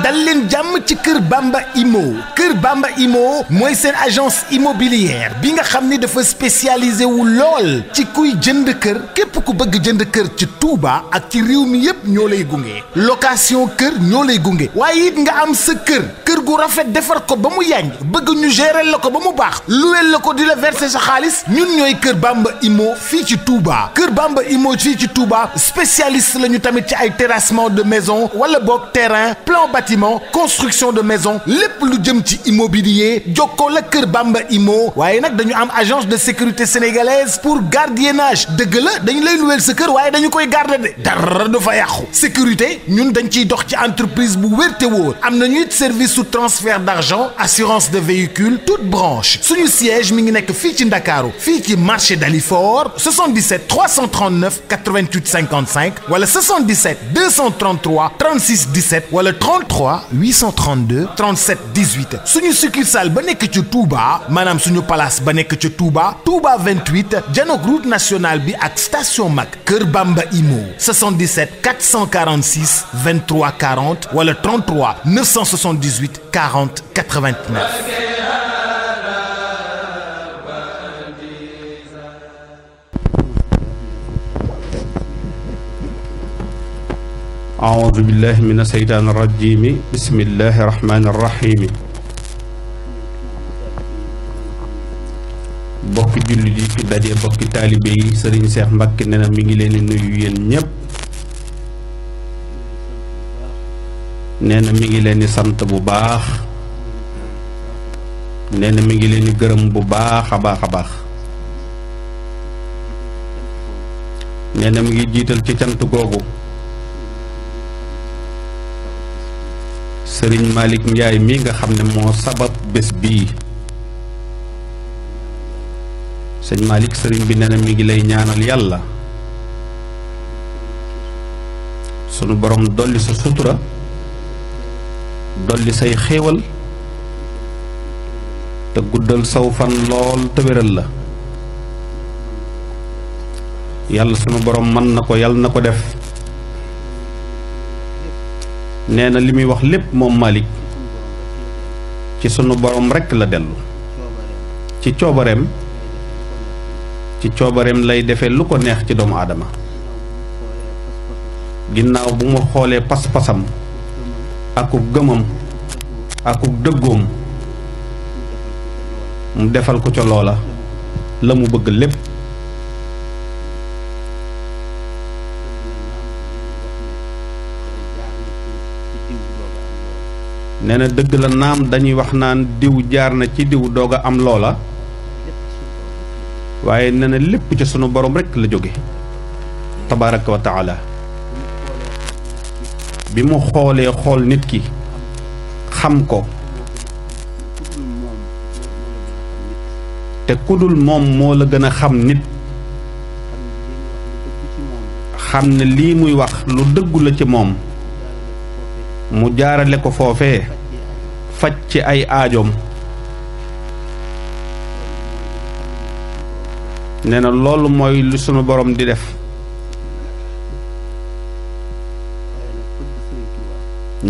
dal leen ci keur Bamba Imo keur Bamba Imo moy sen agence immobilière bi nga xamni dafa spécialisé wu lol ci kuy jënd keur kep ku bëgg jënd keur ci Touba ak ci mi yépp location keur ñolay gungé waye it nga am sa keur keur gu rafet defar ko ba mu yañ bëgg ñu gérer lako ba mu baax luweel lako di la verser sa ñun ñoy keur Bamba Imo fi ci Touba keur Bamba Imo fi ci Touba spécialiste lañu tamit ci ay terrassement de maison wala bok terrain plan construction de maisons les plus jëm immobilier du la Bamba Immo waaye de am agence de sécurité sénégalaise pour gardiennage gueule gueule nous lay luweel sécurité. kër de dañu koy garder de dara du fa sécurité Nous dañ ciy dox ci entreprise bu te am nañu it service sous transfert d'argent assurance de véhicules toute branche sous le siège mi ngi nekk fii ci marché Dalifort 77 339 88 55 wala 77 233 36 17 wala 33 832 37 18 suñu succursale ba ci Touba Madame suñu place ba Touba Touba 28 janook route National bi ak station Mac Kerbamba Imo 77 446 23 40 wala 33 978 40 89 أعوذ بالله من الشيطان الرجيم بسم الله الرحمن الرحيم bokki jullit yi fi daje bokki taalibe yi sëriñ Seex Mbàkke nee na mi ngi leen di nuyu yéen ñëpp nee mi ngi leen sant bu baax nee mi ngi leen gërëm bu baax a baax a mi ngi jiital ci cant googu sëriñ Malick Ndiaye mii nga xam ne moo sabab bés bii sëñ Malick sëriñ bi nee na ngi lay ñaanal yàlla sunu borom dolli sa sutura dolli say xéewal te guddal saw fan lool te la yàlla sunu borom mën na ko yàlla na ko def nee na li muy wax lépp moom Malick ci sunu borom rekk la dellu ci coobareem ci coobareem lay defe lu ko neex ci doomu aadama ginnaaw bu ma xoolee pas-pasam akub gëmam akub dëggoom mu defal ko ca loola la mu bëgg lépp nee na dëgg la naam dañuy wax naan diw jaar na ci diw doog a am loola waaye nee na lépp ci sunu borom rekk la jóge tabaraka taala bi mu xoolee xool nit ki xam ko te kudul moom moo la gën a xam nit xam ne lii muy wax lu dëggu la ci moom mu jaarale ko foofee faj ci ay aajoom nee na loolu mooy lu sunu borom di def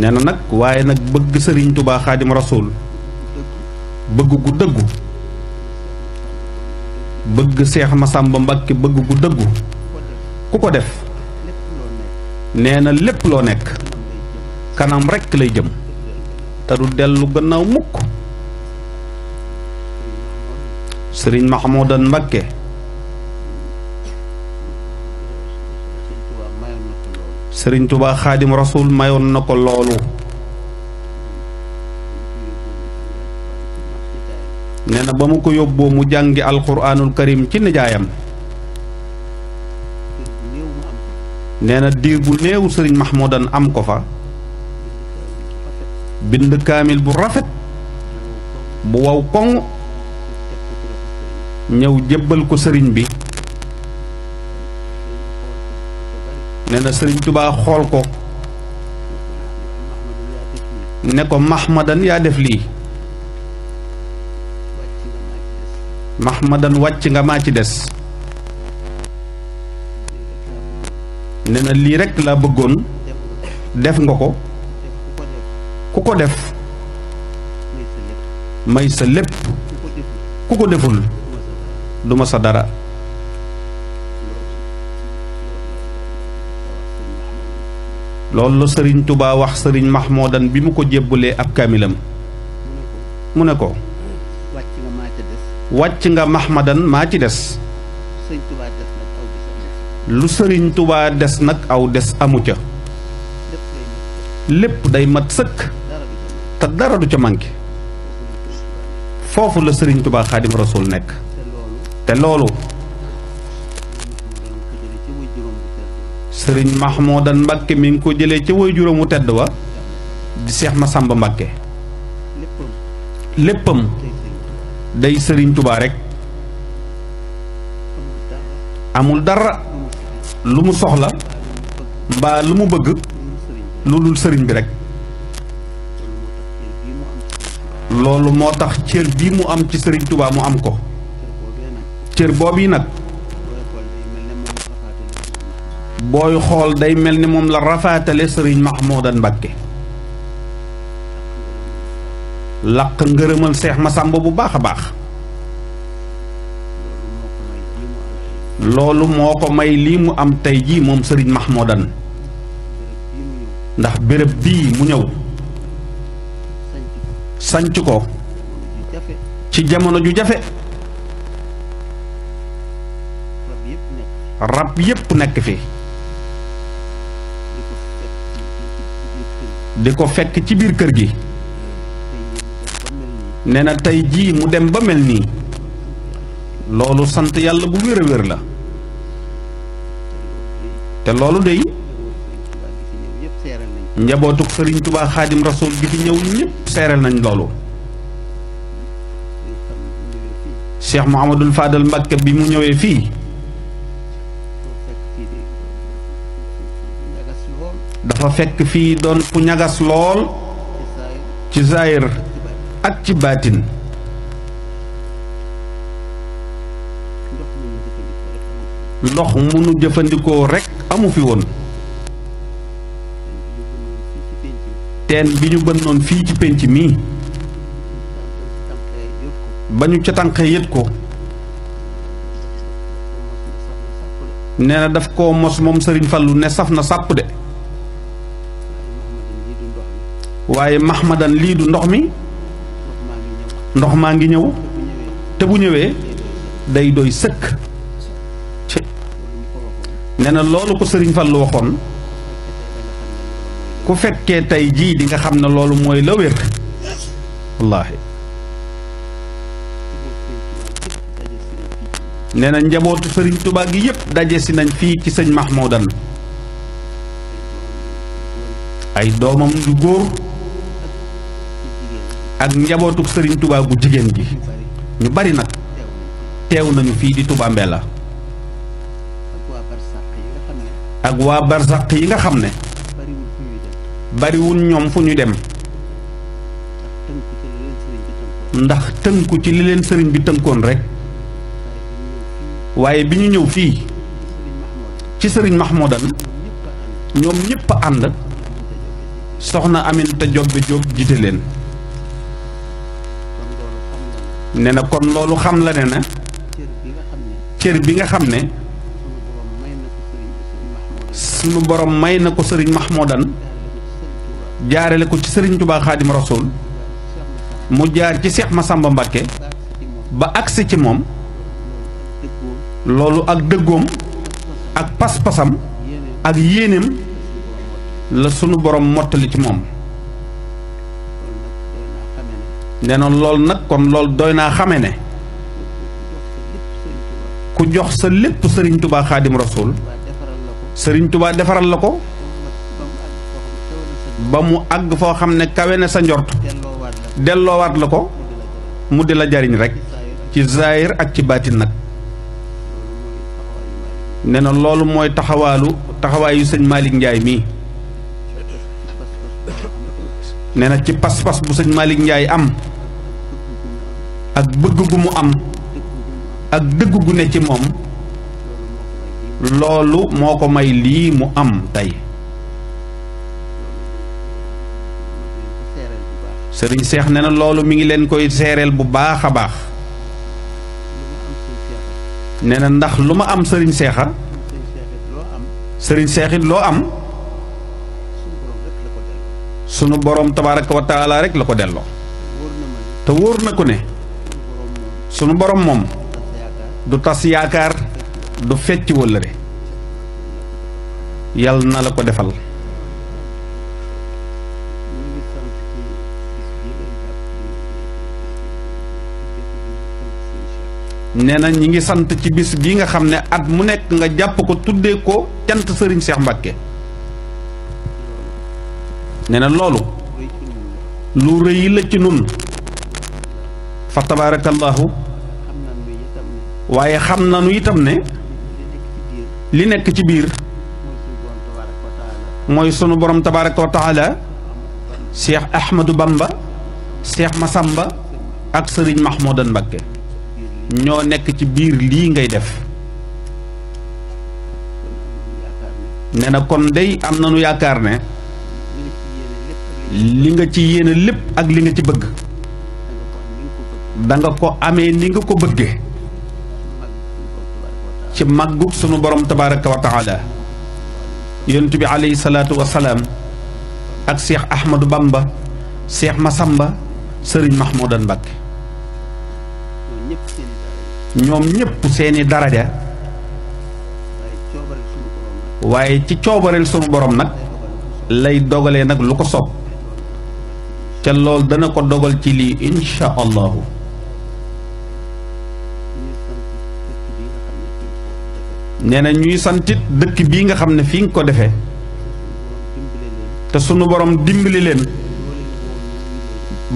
nee na nag waaye nag bëgg sëriñ tubaa xaadim rasuul bëgg gu dëggu bëgg seex masàmba mbàkke bëgg gu dëggu ku ko def nee na lépp loo nekk kanam mereka lay jëm te du dellu gannaaw mukk sëriñ Mahmoudan Mbakke sëriñ Tuubaa Xaadim Rasuul mayoon na ko loolu nee na ba mu ko karim ci nijaayam nee na diir bu néew sëriñ am ko fa bind kaamil bu rafet bu waw koŋ ñëw jébbal ko sëriñ bi ne na sëriñ tubaa xool ko ne ko mahmadan yaa def lii mahmadan wàcc nga maa ci des ne na lii rekk laa bëggoon def nga ko ku ko def may sa lépp ku ko deful du ma sa dara loolu la sëriñ tubaa wax sëriñ mahmoodan bi mu ko jébbalee ab kaamilam mu ne ko wàcc nga mahmadan maa ci des lu sëriñ tubaa des nag aw des amu ca lépp day mat sëkk te dara du ca manqué foofu la sëriñ tubaa xaadim rasul nekk te loolu sëriñ max moo mahmoudan mbàkke mi ngi ko jëlee ca woy juróom tedd wa di seex ma sàmba mbàkke léppam day sëriñ tubaa rekk amul dara lu mu soxla mbaa lu mu bëgg lu dul sëriñ bi rek loolu moo tax cër bii mu am ci sëriñ Touba mu am ko boob yi nag booy xool day mel ni moom la rafaatale Serigne Mahmoudan Mbakke laq ngërëmal seex ma Masamba bu baax a baax loolu moo ko may lii mu am tey jii moom Serigne Mahmoudan ndax béréb bii mu ñëw. sanc ko ci jamono ju jafe rab yépp nekk fi di ko fekk ci biir kër gi ne na tey ji mu dem ba mel nii loolu sant yàlla bu wér a wér la te loolu dey njabootu sëriñ tubaa xaadim rasul gi fi ñëw ñëpp seereel nañ loolu cheikh mouhamadul fadal mbàkke bi mu ñëwee fii dafa fekk fii doon fu ñagas lool ci zaahir ak ci baatin ndox mu nu jëfandikoo rekk amu fi woon teen bi ñu bën noon fii ci pénc mii ba ñu ca tànqee yët ko nee na daf koo mos moom sëriñ Fallu ne saf na sàpp de waaye mahmadan lii du ndox mi ndox maa ngi ñëw te bu ñëwee day doy sëkk nee na loolu ko sëriñ Fallu waxoon ku fekkee tey jii di nga xam ne loolu mooy la wér wallaahi nee na njabootu sëriñ Tuubaa gi yépp daje si nañ fii ci sëñ Mahmoudan ay doomam yu góor ak njabootu sëriñ Tuubaa gu gi ñu bari nañu di Touba Mbella ak yi nga bariwul ñoom fu ñu dem ndax tënku ci li leen sëriñ bi tënkoon rek waaye bi ñu ñëw fii ci sëriñ Mahmoudan ñoom ñëpp a ànd soxna Aminata Jobbe Jóob jiite leen nee na kon loolu xam la ne na cër bi nga xam ne sunu borom may na ko sëriñ Mahmoudan jaarale ko ci sëriñ Tubaa Xaadim Rasuul mu jaar ci Seex Masamba Mbàkke ba agsi ci moom loolu ak dëggoom ak pas-pasam ak yéeneem la sunu borom mottali ci moom nee noon loolu nag kon loolu doy naa xame ne ku jox sa lépp sëriñ Tubaa Xaadim Rasuul sëriñ Tubaa defaral la ko ba mu àgg foo xam ne kawe na sa njort delloowaat la ko mu di la jariñ rek ci zaahir ak ci baatin nag nee na loolu mooy taxawaalu taxawaayu sëñ Malick Ndiaye mii nee na ci pas-pas bu sëñ Malick Ndiaye am ak bëgg gu mu am ak dëgg gu ne ci moom loolu moo ko may lii mu am tey sëriñ seex nee na loolu mi ngi leen koy seereel bu baax a baax nee na ndax lu ma am sëriñ seexa sëriñ seexit loo am sunu boroom tabaaraka wa taala rek la ko delloo te wóor na ko ne sunu boroom moom du tas yaakaar du fecc wëllëre yàlla na la ko defal nee na ñi ngi sant ci bis bi nga xam ne at mu nekk nga jàpp ko tuddee ko cant sëriñ Seex Mbàkke nee na loolu lu rëy la ci nun fa tabaarakallaahu waaye xam nanu itam ne li nekk ci biir mooy sunu borom tabaaraka wa taala Cheikh Ahmadou Bamba Cheikh Masamba ak Serigne Mahmoudan Mbakke ñoo nekk ci biir lii ngay def nee na kon day am nañu yaakaar ne li nga ci yéene lépp ak li nga ci bëgg danga ko amee ni nga ko bëggee ci màggug sunu borom tabaraka wa taala yonent bi alayhi salaatu wa salaam ak seex Ahmadou Bamba seex Masamba sëriñ Mahmoudan Mbacké ñoom ñépp seeni daraja waaye ci coobareel sunu borom nag lay dogale nag lu ko sob ca lool dana ko dogal ci lii insha allahu nee na ñuy santit dëkk bii nga xam ne fii nga ko defee te sunu borom dimbali leen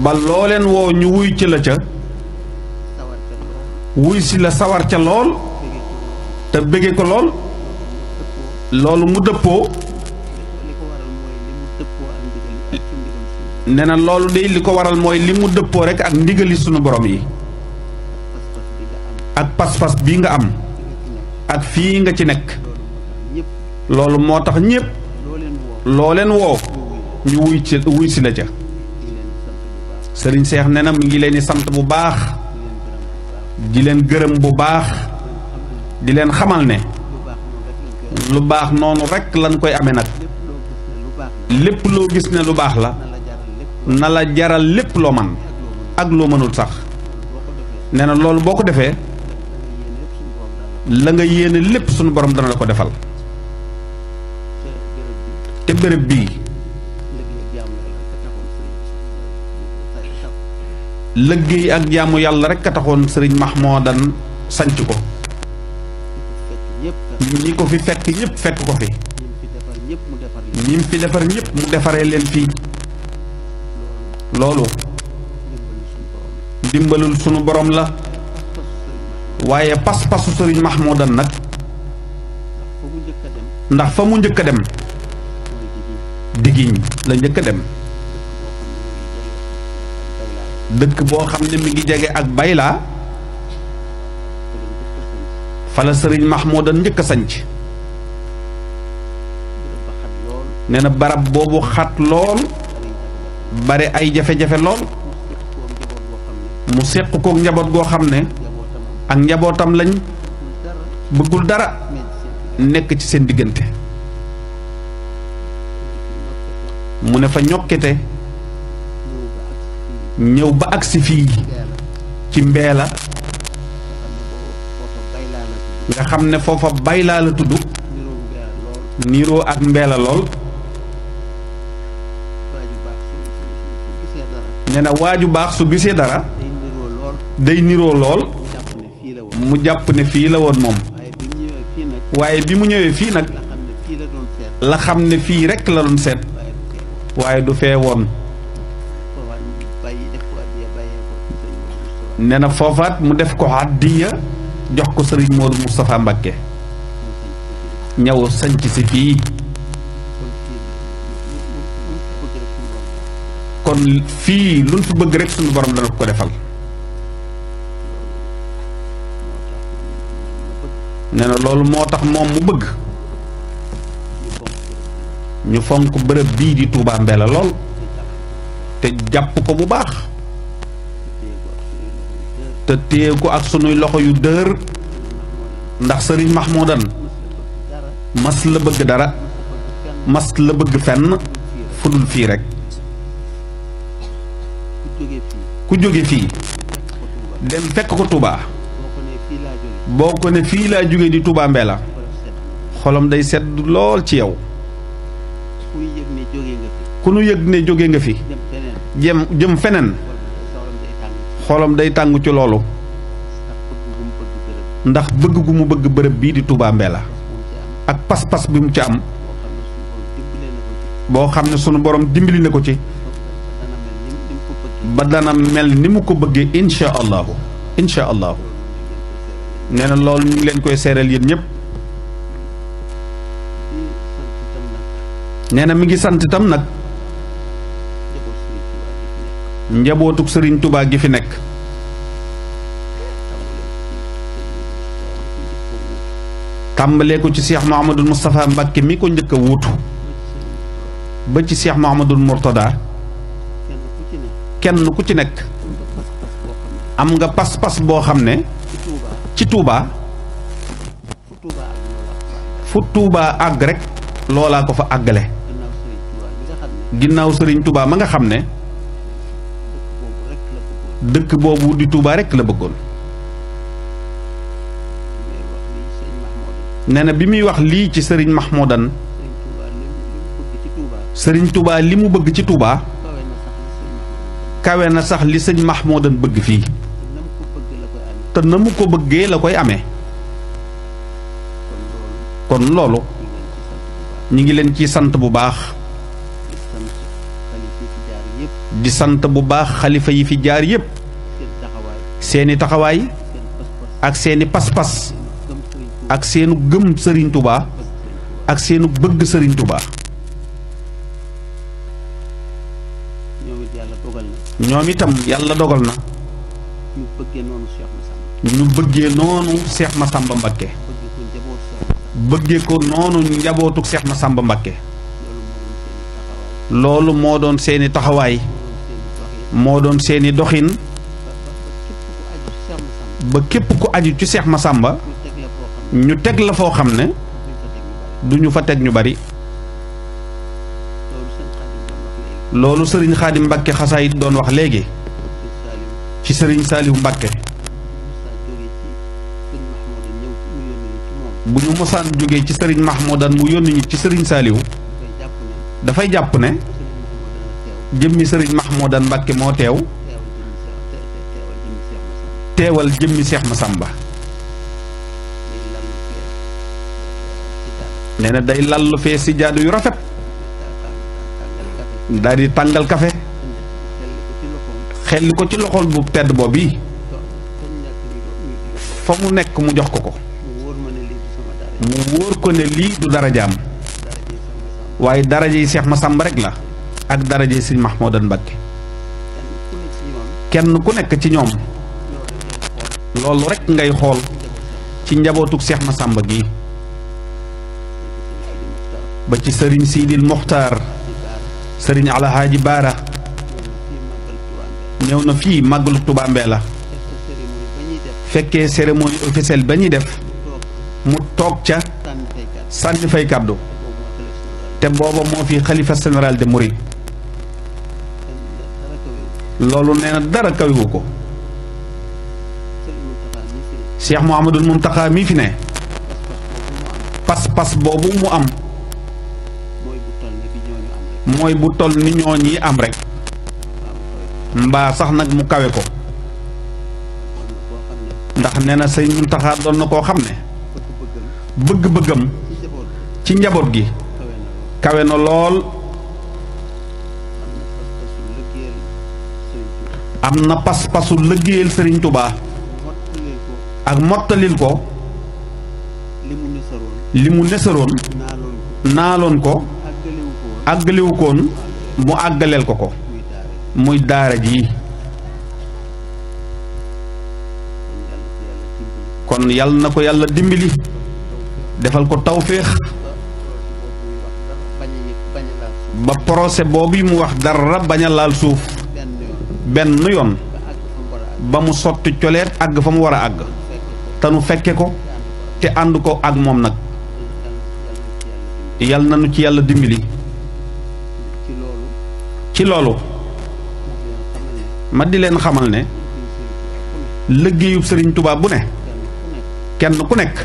ba looleen woo ñu wuy ci la ca wuy si la sawar ca lool te bëgge ko lool loolu mu dëppoo nee na loolu day waral mooy li mu rek ak ndigali sunu borom yi ak pas-pas bii nga am ak fii nga ci nekk loolu moo tax ñépp loo leen woo ñu wuy ci wuy si la ca sëriñ Seex nee na ngi leen di bu baax di leen gërëm bu baax di leen xamal ne lu baax noonu rekk lañ koy amee nag lépp loo gis ne lu baax la na la jaral lépp loo man ak loo mënul sax nee na loolu boo ko defee la nga yéene lépp sunu borom dana la ko defal te béréb bii lëggéey ak jaamu yàlla rek a taxoon sëriñ Mahmoudan sanc ko ñi ko fi fekk ñëpp fekk ko fi ñi fi defar ñëpp mu defaree leen fii loolu dimbalul sunu boroom la waaye pas-pasu sëriñ Mahmoudan nag ndax fa mu njëkk a dem digiñ la njëkk a dem dëkk boo xam ne mi ngi jege ak Bayla fala sëriñ Mahmoudan njëkk a sanc nee na barab boobu xat lool bare ay jafe-jafe lool mu seq koog njaboot goo xam ne ak njabootam lañ bëggul dara nekk ci seen diggante mu ne fa ñokkite ñëw ba agsi fi ci mbeela nga xam ne foofa la tudd niiroo ak mbela lol nee waju waaju su gisee dara day niro lol. mu jàpp ne fii la woon moom waaye bi mu ñëwee fii nag la xam ne rek la doon seet du fe won nee na foofaat mu def ko àddiya jox ko sëriñ Modou Moustapha Mbakke ñëw sanc si fii kon fii luñ fi bëgg rek suñu borom dana ko defal nee na loolu moo mu bëgg ñu fonk di Touba Mbella lool te jàpp ko bu baax te téye ko ak sunuy loxo yu dër ndax sëriñ Mahmoudan mas la bëgg dara mas la bëgg fenn fu dul rek ku jóge fii dem fekk ko Touba boo ne fii laa jóge di Touba Mbella xolam day sedd lool ci yow ku nu yëg ne jóge nga fi jëm jëm feneen xolam day tàng ci loolu ndax bëgg gu mu bëgg bërëb di tuba Mbella ak pas-pas bi mu ci am boo xam ne sunu borom dimbali na ci mel ni ko bëggee incha allahu incha allahu nee na loolu ñu ngi leen koy mi ngi sant njabootug sëriñ tubaa gi fi nekk tàmbalee ko ci seex muhammadul Moustapha Mbàkke mi ko njëkk a wuutu ba ci seex muhammadul Mourtada kenn ku ci nekk am nga pas-pas boo xam ne ci Touba fu Touba àgg rek loolaa ko fa àggale ginnaaw sëriñ Touba ma nga xam ne dëkk boobu di Touba rekk la bëggoon nee na bi muy wax lii ci sëriñ Mahmoudan sëriñ Touba li mu bëgg ci Touba kawe na sax li sëñ Mahmoudan bëgg fii te na mu ko bëggee la koy amee kon loolu ñu ngi leen ci sant bu baax di sant bu baax xalifa yi fi jaar yépp seeni taxawaay ak seeni pas-pas ak seenu gëm sëriñ ak seenu bëgg sëriñ tubaa ñoom itam yàlla dogal na ñu bëggee noonu seex ma sàmba mbakke bëggee ko noonu njabootuk seex ma sàmba mbakke loolu moo doon seeni taxawaay moo doon seeni doxin ba képp ku aju ci Seex ma sàmba ñu teg la foo xam ne duñu fa teg ñu bari loolu sëriñ Xaadim Mbàkke xasaayit doon wax léegi ci sëriñ Saaliw Mbàkke bu ñu mosaan jógee ci sëriñ Mahmoudan mu yónni ci sëriñ Saaliw dafay jàpp ne jëmmi sëriñ Mahmoudan Mbacke moo teew teewal jëmmi Cheikh Massamba nee na day lallu fee si jaadu yu rafet daal di kafe xel ko ci loxol bu tedd boobu yi fa mu nekk mu jox ko ko mu wóor ko ne du Cheikh Massamba rek la ak daraje sëñ Mahmoudan Mbacké kenn ku nekk ci ñoom loolu rekk ngay xool ci njabootug Seex sàmba gi ba ci sëriñ Siidil Muxtaar sëriñ Alhaaji Baara ñëw na fii màggalu Tuubaa la fekkee cérémonie officielle ba ñuy def mu toog ca sànni fay kàddu te booba moo fi xalifa général de Mouride loolu nee na dara kawiwu ko Cheikh Mouhamadul Mountakha mi fi ne pas-pas boobu mu am mooy bu toll ni ñooñi am rek mbaa sax nag mu kawe ko ndax nee na sëñ Mountakha doon na koo xam ne bëgg-bëggam ci njaboot gi kawe na lool am na pas-pasu lëggéeyal sëriñ tubaa ak mottalil ko li mu nesaroon naaloon ko àggaliwu koon mu àggaleel ko ko muy daara ji kon yàll na ko dimbali defal ko tawféex ba procès boobu mu wax dara bañ a laal suuf Ben yoon ba mu sotti coleet ag, fa mu war a te nu fekke ko te ànd ko ak moom nag yal na ci yàlla dimbali ci loolu ma di leen xamal ne liggéeyub sëriñ Tuubaa bu ne kenn ku nekk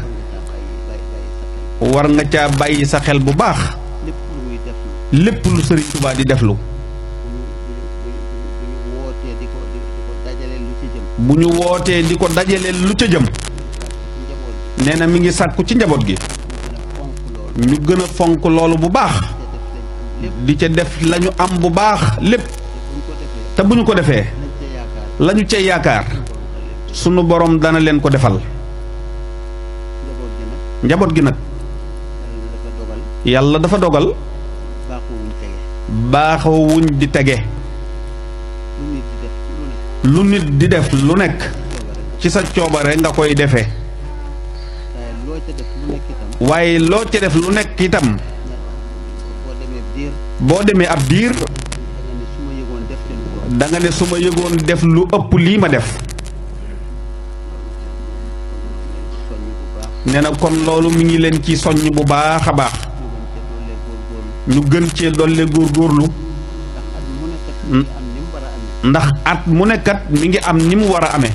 war nga caa bàyyi sa xel bu baax lu di deflu bu ñu wootee di ko dajale lu ca jëm nee na mi ngi sàkku ci njaboot gi ñu gën a fonk loolu bu baax di ca def lañu am bu baax lépp te bu ñu ko defee lañu ca yaakaar sunu borom dana leen ko defal njaboot gi nag yàlla dafa dogal baaxawuñ di tege lu nit di def lu nekk ci sa coobare nga koy defe waaye loo ca def lu nekk itam boo demee ab diir da nga ne su ma yëgoon def lu ëpp lii ma def nee na kon loolu mu ngi leen ci soññ bu baax a baax ñu gën cee dolle góorgóorlu. ndax at mu nekkat mi ngi am ni mu war a amee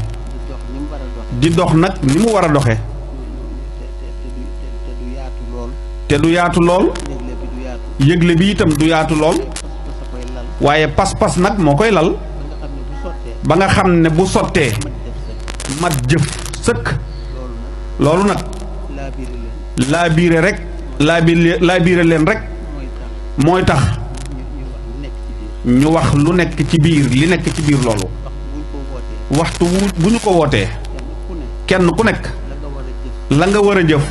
di dox nag ni mu war a doxee te du yaatu lool yëgle bi itam du yaatu lool waaye pas-pas nag moo koy lal ba nga xam ne bu sottee mat jëf sëkk loolu nag laabiire rek laabiire leen rek mooy tax ñu wax lu nekk ci biir li nekk ci biir loolu waxtu bu ñu ko wootee kenn ku nekk la nga war a jëf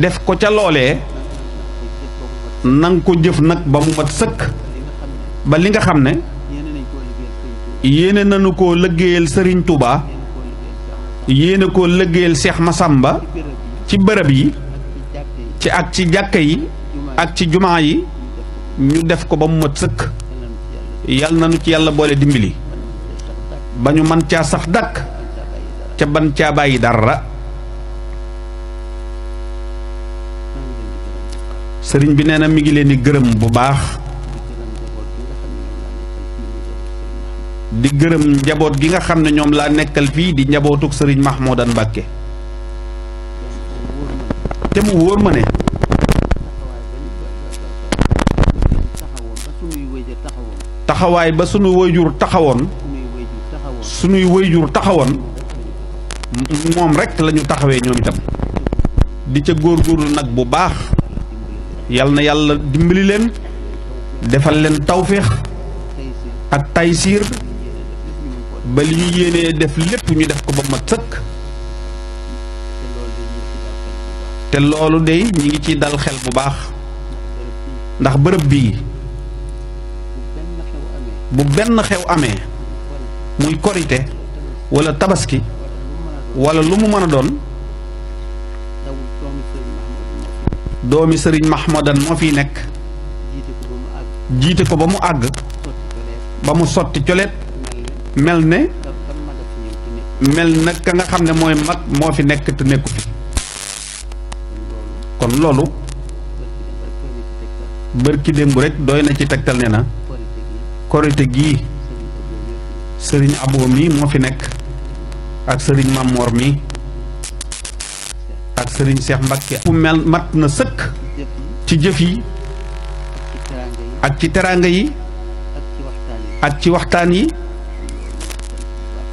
def ko ca loole na ko jëf nag ba mu mat sëkk ba li nga xam ne yéene nanu koo lëggéeyal sëriñ Touba yéene koo lëggéeyal Seex ma sàmba ci bërëb yi ci ak ci jàkka yi ak ci jumaa yi ñu def ko ba mu mat sëkk yal nañu ci yàlla boole dimbali ba ñu man caa sax dakk ca ban caa bàyyi dara sëriñ bi nee mi ngi leen di gërëm bu baax di gërëm njaboot gi nga xam ne ñoom nekkal fii di njabootuk sëriñ Mahmoudan Mbàkke te mu wóor ma ne taxawaay ba suñu wayjur taxawoon suñuy wayjur taxawoon moom rek lañu taxawee ñoom itam di ca góorgóorlu nag bu baax yal na yàlla dimbali leen defal leen tawféex ak taysiir ba li ñu yéenee def lépp ñu def ko ba mat sëkk te loolu de ñi ngi ci dal xel bu baax ndax bërëb bii bu benn xew amee muy korite walla tabaski wala lu mu mën a doon doomi sëriñ mahmadan moo fiy nekk jiite ko ba mu àgg ba mu sotti coleet mel ne mel na ka nga xam ne mooy mag moo fi nekk te nekku fi kon loolu bërki démb rek doy na ci tegtal ne na korite gi sëriñ aboo mi moo fi nekk ak sëriñ Mamor mi ak sëriñ Cheikh Mbacke mu mel mat na sëkk ci jëf yi ak ci teraanga yi ak ci waxtaan yi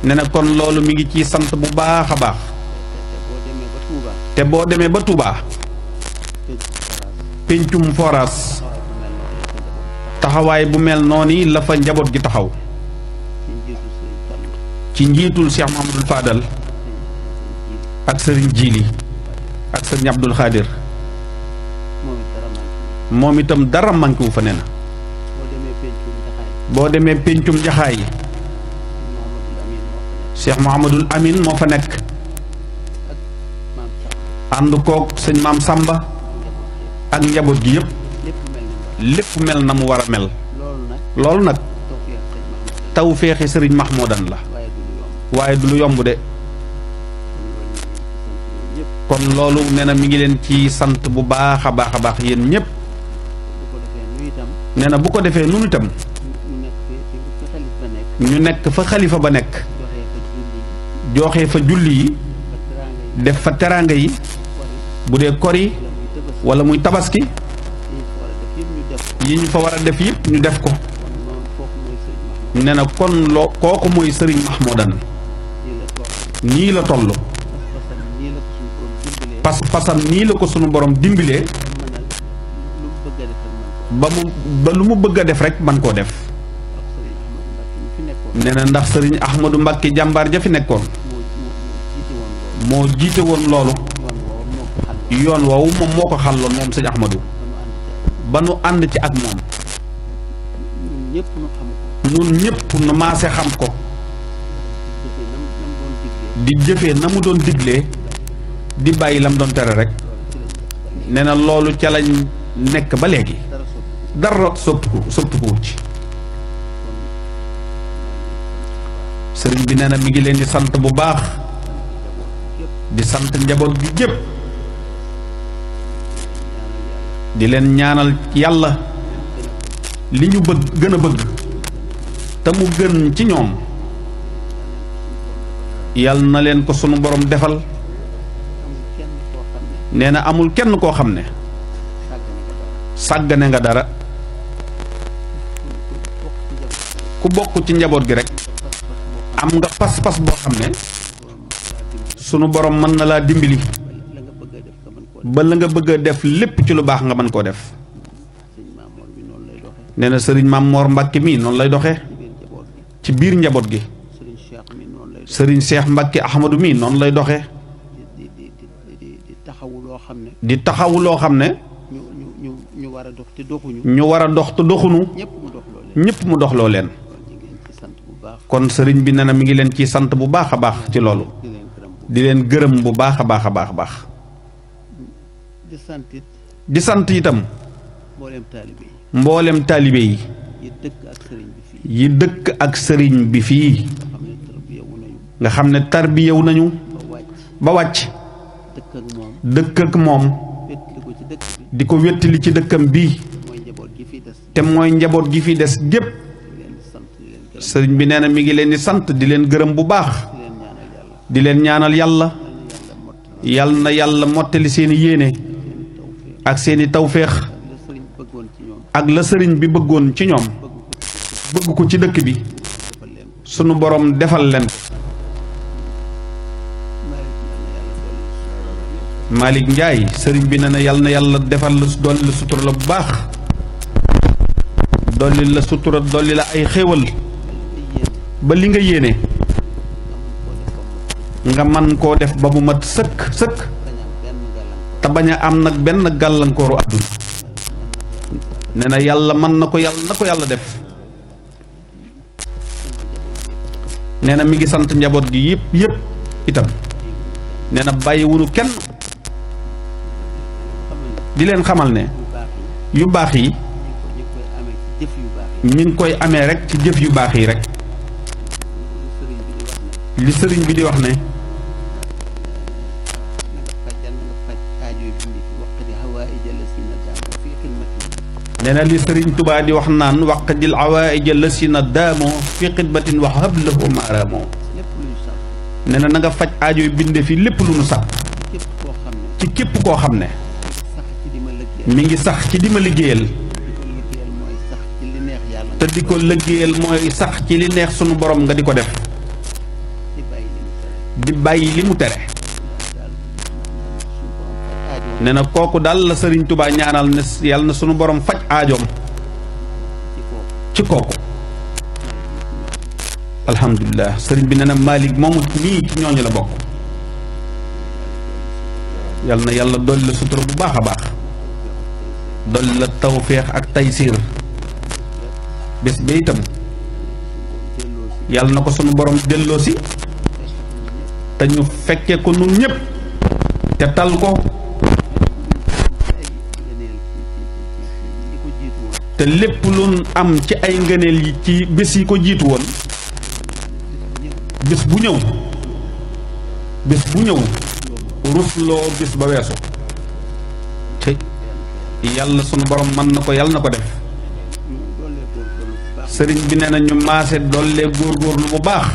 ne na kon loolu mi ngi ciy sant bu baax a baax te boo demee ba Touba pencum foras Tahawai bu mel noonu la fa njaboot gi taxaw ci njiitul Cheikh Fadal ak Jili ak sëriñ Abdul Khadir. moom itam dara manqué wu fa ne na boo demee Cheikh Amin moo fa nekk ànd Samba ak njaboot gi lépp mel na wara mel loolu nag tawféexi sëriñ Mahmoudan la waaye du lu yomb de kon loolu nee mi ngi leen ci sant bu baax a baax a baax yéen bu ko defee nun itam ñu nekk fa xalifa ba nekk joxe fa julli def fa yi kori wala muy tabaski yi ñu fa war def yëpp ñu def ko nee na kon Mahmoudan la pas pasam nii la ko sunu borom dimbilee ba mu ba lu mu bëgg a def rek man koo def nee na ndax sëriñ Ahmadou Mbacke jàmbaar ja fi nekkoon moo jiite woon loolu yoon Ahmadou ba nu ànd ci ak moom ñun hamko, nu maase xam ko di jëfee namu don doon diglee di bàyyi lam doon tere rek nee na loolu ca lañ nekk ba léegi dara soppiku soppiku ci bi mi ngi leen di sant bu baax di gi jëpp di leen ñaanal yàlla li ñu bëgg gën a bëgg te mu gën ci ñoom yàlla na leen ko sunu boroom defal nee na amul kenn koo xam ne sàggane nga dara ku bokk ci njaboot gi rek am nga pas-pas boo xam ne sunu borom mën na laa dimbali. ba la nga bëgg def lépp ci lu baax nga mën koo def nee na sëriñ Maam Moor Mbàkke mii noonu lay doxee ci biir njaboot gi sëriñ Cheikh Ahmadu mii noonu lay doxee di taxawu loo xam ne ñu war a dox te doxuñu ñëpp mu dox loo leen kon sëriñ bi nee na mi ngi leen ci sant bu baax a baax ci loolu di leen gërëm bu baax a baax a baax baax di sant it. itam. mboolem taalibe yi. yi. dëkk ak sëriñ bi fii. yi nga xam ne tarbiyewu nañu. ba wàcc. dëkk ak moom. di ko wéttali ci dëkkam bii. te mooy njaboot gi fi des gépp sëriñ bi nee na mi ngi leen di sant di leen gërëm bu baax. di leen ñaanal yàlla. yàlla na yàlla mottali seeni yéene. ak seeni tawféex ak la sëriñ bi bëggoon ci ñoom bëgg ko ci dëkk bi sunu boroom defal leen Malick Ndiaye sëriñ bi ne na yal na yàlla defal la dolli la bu baax dolli la sutura dolli la ay xéewal ba li nga yéene nga man koo def ba mu mat sëkk sëkk te bañ a am nag benn gàllankooru àdduna nee na yàlla mën na ko yàlla na ko yàlla def nee na mi ngi sant njaboot gi yëpp yëpp itam nee na bàyyi kenn di leen xamal ne yu baax yi mi ngi koy amee rek ci jëf yu baax yi rek li sëriñ bi di wax ne نانا لي سيرن توبا دي واخ نان واخ دي العوائج لسنا دامو في خدمه وهب له مرامو نانا نغا فاج اديو بيند في ليپ لو نو ساب تي كيب كو خامني ميغي صح تي ديما ليغيال تديكو ليغيال موي صح تي لي نيه سونو بروم غا ديكو ديف دي باي لي مو تري ne na kooku daal la sëriñ tubaa ñaanal ne yàlla na sunu borom faj aajoom ci kooku alhamdulilah sëriñ bi ne na Malick moomu lii ci ñooñu la bokk yàlla na yàlla dolli la sutura bu baax a baax dolli la tawféex ak taysiir bés ba itam yàlla na ko sunu borom delloosi te ñu fekke ko nun ñépp te tal ko te luñ am ci ay ngëneel yi ci bés yi ko jiitu woon bés bu ñëw bés bu ñëw rusloo bés ba weesu te yàlla sunu borom mën na ko yàlla na ko def sëriñ bi nee na ñu maase dollee góorgóorlu baax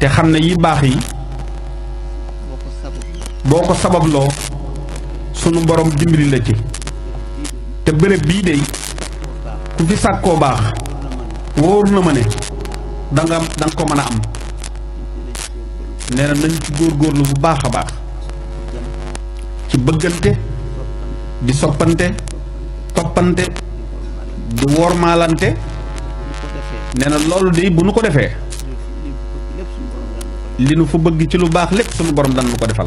te xam yi baax yi boo ko borom dimbali la ci te bërëb bii de ku fi koo baax wóor na ma ne danga nga ko mën a am nee na nañ ci góorgóorlu bu baax a baax ci bëggante di soppante toppante di wormaalante nee na loolu de bu nu ko defee li nu fa bëgg ci lu baax lépp suñu borom daan nu ko defal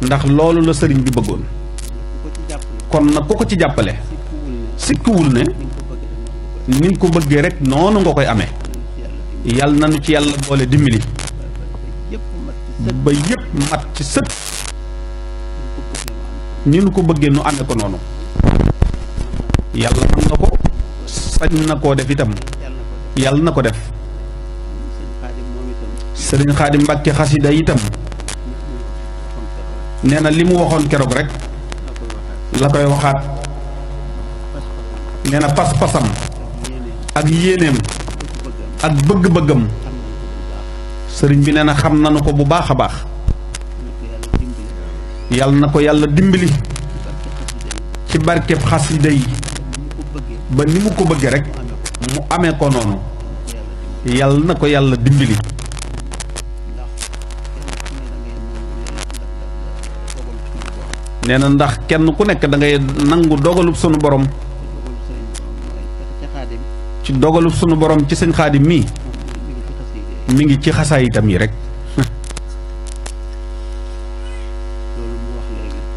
ndax loolu la sëriñ bi bëggoon kon nag ku ko ci jàppale sikkiwul ne ni nga ko bëggee rek noonu nga koy amee yàlla nanu ci yàlla boole dimbali ba yépp mat ci sëpp ni nu ko bëggee nu amee ko noonu yàlla mën na ko sañ na koo def itam yàlla na ko def sëriñ xaadim mbàkke xasida itam nee na li mu waxoon keroog rek la koy waxaat nee na pas-pasam ak yéeneem ak bëgg-bëggam sëriñ bi nee na xam nañu ko bu baax a baax yàlla na ko yàlla dimbali ci barkeb xasida yi ba ni mu ko bëggee rek mu amee ko noonu yàlla na ko yàlla dimbali nee na ndax kenn ku nekk da ngay nangu dogalub sunu borom ci dogalu sunu borom ci sëñ xaadim mii mi ngi ci xasaa itam yi rek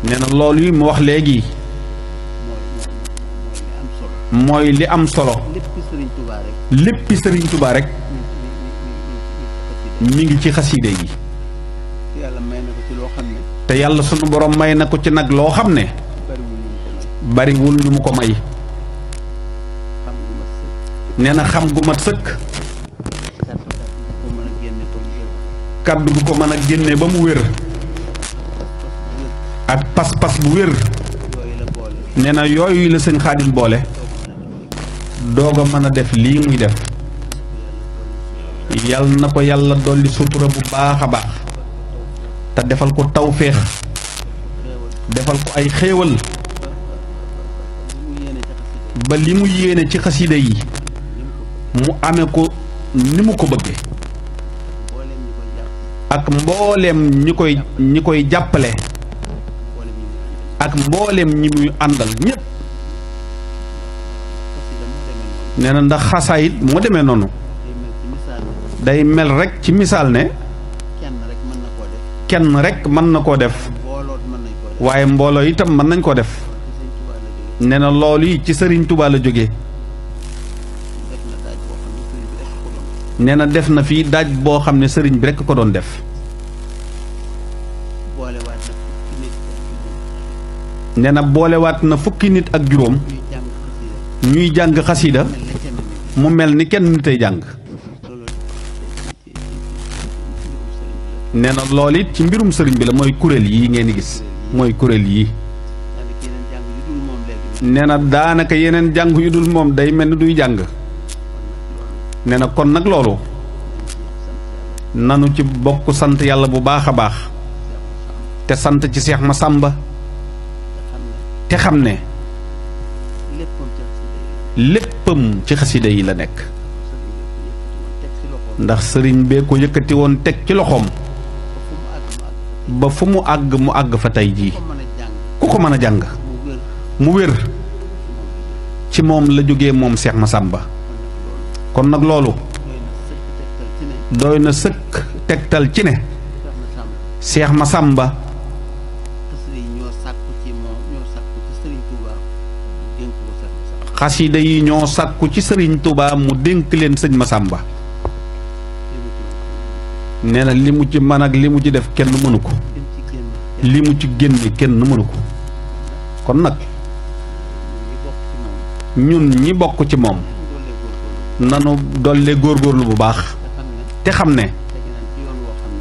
nee na loolu yi mu wax léegi mooy li am solo léppi sëriñ tubaa rek mu ngi ci xasiide gi te yàlla sunu borom may na ko ci nag loo xam ne bariwul ñu mu ko may nee xam gu mat sëkk kàddu gu ko mën a ba mu wér ak pas-pas bu wér nee na yooyu la sëñ xaadim boole doog def lii muy def yal na ko yàlla dolli sutura bu baax baax te defal ko tawféex defal ko ay xéewal ba li mu yéene ci xasida yi mu amee ko ni mu ko bëgge ak mbooleem ñi koy ñi koy jàppale ak mbooleem ñi muy àndal ñépp nee na ndax xasaayit moo demee noonu day mel rekk ci misaal ne kenn rek mën na koo def waaye mbooloo itam mën nañ koo def nee na loolu yi ci sëriñ Tuubaa la jóge nee na def na fii daaj boo xam ne sëriñ bi rek ko doon def nee na boolewaat na fukki nit ak juróom ñuy jàng xasiida mu mel ni kenn nitay jàng nee lolit loolu it ci mbirum sëriñ bi la mooy kuréel yi ngeen gis mooy kuréel yi nee na daanaka yeneen jàng yu day duy kon nag nanu ci bokk bu baax baax te sant ci Seex Masàmba te xam ne léppam ci xasida yi la nekk ndax ko ci ba fu mu àgg mu àgg fa tey jii ku ko mën a jàng mu wér ci mom la jógee moom Seex Masàmba kon nag loolu doy na sëkk tegtal ci ne Seex Masàmba xasida yi ñoo sàkku ci Sëriñ Tuubaa mu dénk leen sëñ Masàmba nee na li mu ci man ak li mu ci def kenn mënu ko li mu ci génne kenn mënu ko kon nag ñun ñi bokk ci moom nanu dolli góorgóorlu bu baax te xam ne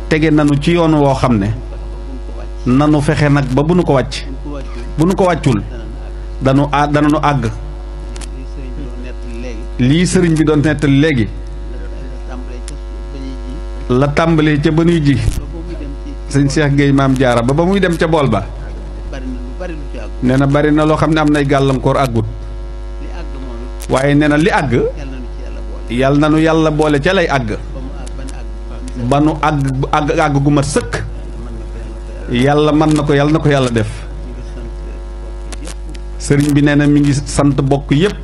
tege nanu ci yoon woo xam ne na nu fexe nag ba bu nu ko wàcc bu nu ko wàccul danu a dana nu àgg lii sëriñ bi doon nettal léegi la tàmbalee ca ba nuy ji sëñ Cheikh Gueye maam jaara ba ba muy dem ca bool ba nee na bari na loo xam ne am nay gàllankoor àggut waaye nee na li àgg yàlla na nu yàlla boole ca lay àgg ba nu àgg àgg àgg mat sëkk yàlla man na ko yàlla na ko yàlla def sëriñ bi nee na mi ngi sant bokk yépp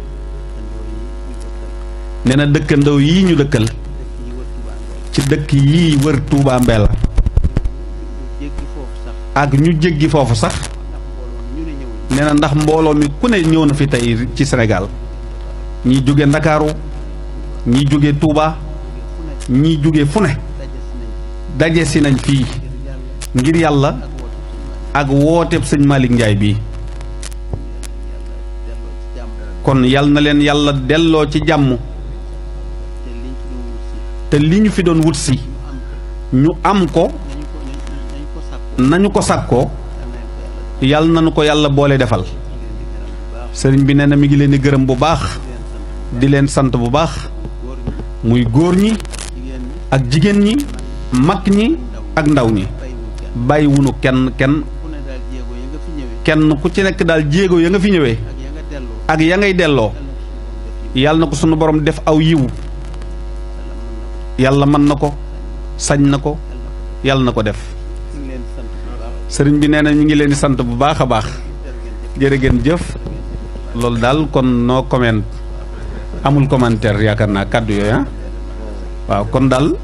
nee na dëkkandaw yii ñu dëkkal ci dëkk yii wër Touba Mbella ak ñu jéggi foofu sax nee ndax mbooloo mi ku ne ñëw na fi tey ci Sénégal ñi jóge Ndakaaru ñi jóge Touba ñi jóge fu ne daje nañ fii ngir yàlla ak Malick Ndiaye kon yal na leen yàlla delloo ci jàmm te li ñu fi doon wut si ñu am ko nañu ko sàkkoo yàlla nañu ko yàlla boole defal sëriñ bi nee na mi ngi leen di gërëm bu baax di leen sant bu baax muy góor ñi ak jigéen ñi mag ñi ak ndaw ñi bàyyiwunu kenn kenn kenn ku ci nekk daal jéego ya nga fi ñëwee ak ya ngay delloo yàlla na ko sunu borom def aw yiw yàlla mën na ko sañ na ko yàlla na ko def sëriñ bi nee na ñu ngi leen di sant bu baax a baax jërë ngeen jëf loolu daal kon noo comment amul commentaire yaakaar naa kàddu yooya ah. waaw kon daal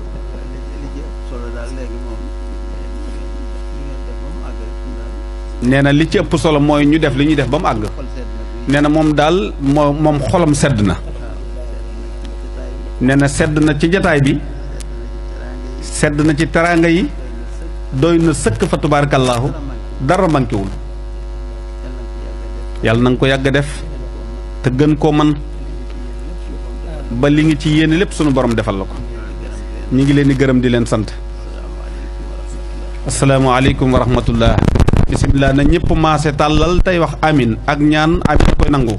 nee na li ci ëpp solo mooy ñu def li ñuy def ba mu àgg nee na moom daal moo moom xolam sedd na Nenek na sedd na ci jataay bi sedd na ci teraanga yi doy na sëkk fa tubaarakallaahu dara mankiwul yàlla na nga ko yàgg a def te gën koo man ba li ngi ci yéene borom defal di gërëm di leen sant wa rahmatullah na wax amin ak ñaan amin koy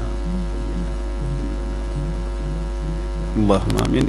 allahumma leen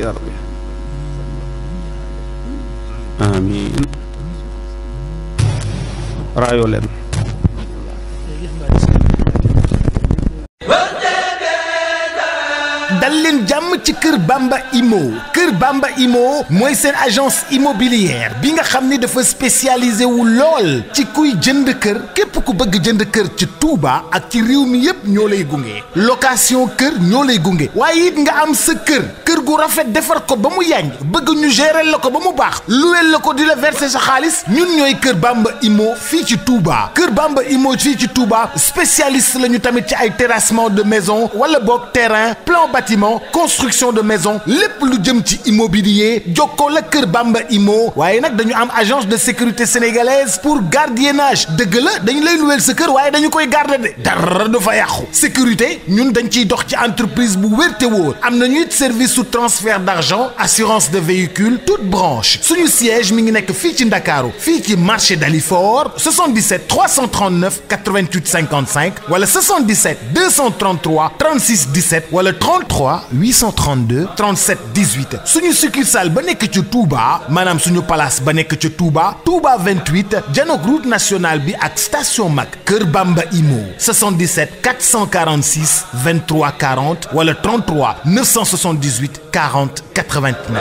dal leen jàmm ci kër Bamba Imo kër Bamba Imo mooy seen agence immobilière bi nga xam ne dafa spécialisé wu lool ci kuy jënd kër képp ku bëgg jënd kër ci tuuba ak ci réew mi yépp ñoo lay gunge location kër ñoo lay gunge waaye it nga am sa kër gu rafet defar ko ba mu yànj bëgg ñu gérer la ko ba mu baax luweel la ko di la verser sa xaalis ñun ñooy kër Bamba Imo fii ci Touba kër Bamba Imo fii ci Touba spécialiste lañu tamit ci ay terrassement de maison wala boog terrain plan bâtiment construction de maison lépp lu jëm ci immobilier jokkoo la kër Bamba Imo waaye nag dañu am agence de sécurité sénégalaise pour gardiennage dëgg la dañu lay luweel sa kër waaye dañu koy garder de dara du fa yàqu sécurité ñun dañ ciy dox ci entreprise bu wér te wóor am nañu it service transfert d'argent assurance de véhicules... toute branche suñu siège mi Fichin Dakaro. marché Dalifort 77 339 88 55 le 77 233 36 17 le 33 832 37 18 sous succursale ba madame ci Touba Palace suñu Touba Touba 28 Jano route nationale bi ak station Mac Imo 77 446 23 40 le 33 978 40 89.